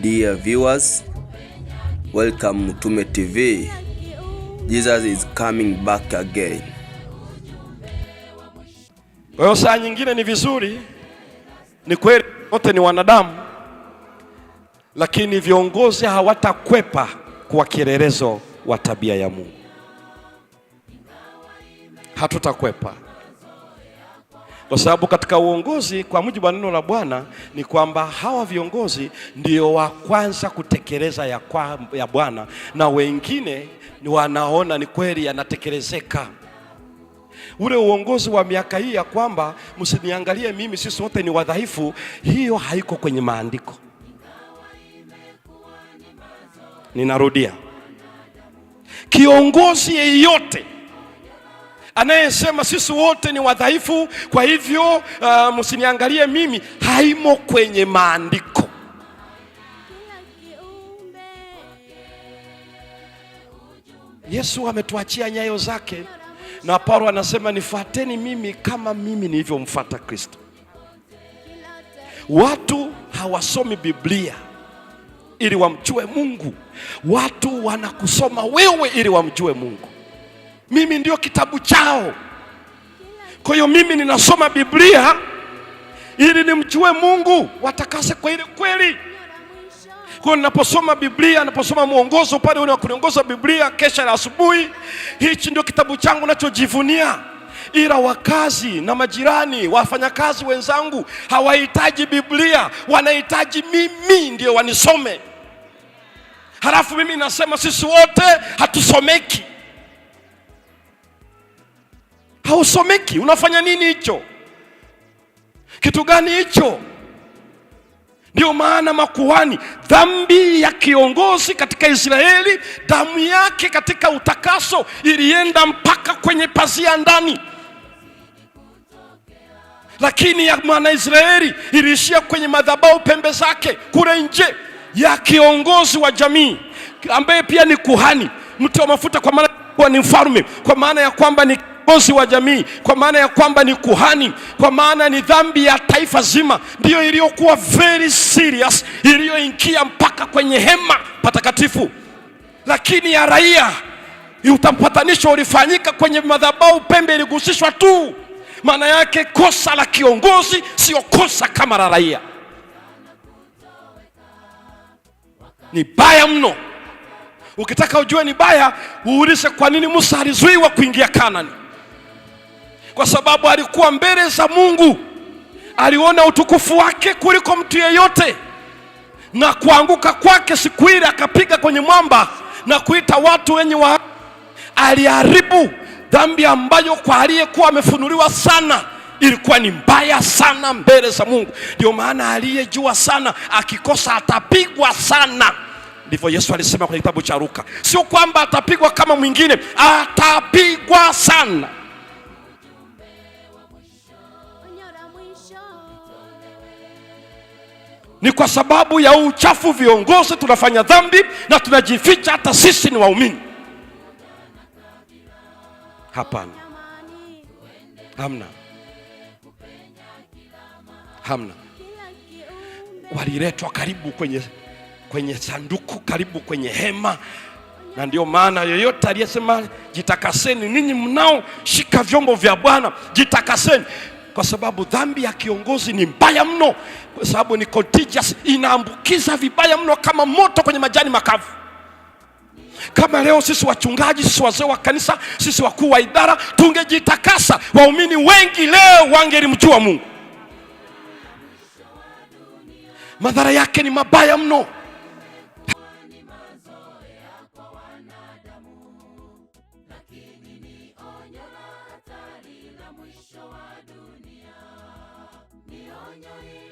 Dear viewers, welcome Mtume TV. Jesus is coming back again. Kwa hiyo saa nyingine ni vizuri, ni kweli wote ni wanadamu, lakini viongozi hawatakwepa kuwa kielelezo wa tabia ya Mungu, hatutakwepa. Kwa sababu katika uongozi kwa mujibu wa neno la Bwana ni kwamba hawa viongozi ndio wa kwanza kutekeleza ya, kwa, ya Bwana na wengine wanaona ni kweli yanatekelezeka. Ule uongozi wa miaka hii ya kwamba msiniangalie mimi, sisi wote ni wadhaifu, hiyo haiko kwenye maandiko. Ninarudia, kiongozi yeyote anayesema sisi wote ni wadhaifu, kwa hivyo uh, msiniangalie mimi, haimo kwenye maandiko. Yesu ametuachia nyayo zake, na Paulo anasema nifuateni mimi kama mimi nilivyomfuata Kristo. Watu hawasomi Biblia ili wamjue Mungu, watu wanakusoma wewe ili wamjue Mungu mimi ndio kitabu chao. Kwa hiyo mimi ninasoma Biblia ili nimjue Mungu, watakase kwa ile kweli. Kwa hiyo ninaposoma Biblia, naposoma mwongozo pale ule wa kuniongoza Biblia kesha la asubuhi, hichi ndio kitabu changu nachojivunia ila wakazi na majirani, wafanyakazi wenzangu hawahitaji Biblia, wanahitaji mimi ndio wanisome. Halafu mimi nasema sisi wote hatusomeki hausomeki. Unafanya nini hicho? Kitu gani hicho? ndio maana makuhani, dhambi ya kiongozi katika Israeli, damu yake katika utakaso ilienda mpaka kwenye pazia ndani, lakini ya mwanaisraeli iliishia kwenye madhabahu pembe zake kule nje. Ya kiongozi wa jamii ambaye pia ni kuhani, mtu wa mafuta, kwa maana kuwa ni mfalme, kwa maana ya kwamba ni viongozi wa jamii, kwa maana ya kwamba ni kuhani, kwa maana ni dhambi ya taifa zima, ndiyo iliyokuwa very serious, iliyoingia mpaka kwenye hema patakatifu, lakini ya raia utampatanisho ulifanyika kwenye madhabahu, pembe iligusishwa tu. Maana yake kosa la kiongozi sio kosa kama la raia. Ni baya mno. Ukitaka ujue ni baya, uulize kwa nini Musa alizuiwa kuingia Kanani kwa sababu alikuwa mbele za Mungu, aliona utukufu wake kuliko mtu yeyote, na kuanguka kwake siku ile akapiga kwenye mwamba na kuita watu wenye wa aliharibu dhambi ambayo kwa aliyekuwa amefunuliwa sana ilikuwa ni mbaya sana mbele za Mungu. Ndio maana aliyejua sana akikosa atapigwa sana. Ndivyo Yesu alisema kwenye kitabu cha Luka, sio kwamba atapigwa kama mwingine, atapigwa sana. Ni kwa sababu ya uchafu viongozi tunafanya dhambi na tunajificha, hata sisi ni waumini. Hapana, hamna, hamna. Waliletwa karibu kwenye, kwenye sanduku, karibu kwenye hema na ndio maana yoyote aliyesema jitakaseni ninyi mnaoshika vyombo vya Bwana jitakaseni, kwa sababu dhambi ya kiongozi ni mbaya mno, kwa sababu ni contagious, inaambukiza vibaya mno kama moto kwenye majani makavu. Kama leo sisi wachungaji, sisi wazee wa kanisa, sisi wakuu wa idara tungejitakasa, waumini wengi leo wangelimjua Mungu. Madhara yake ni mabaya mno. mañanero.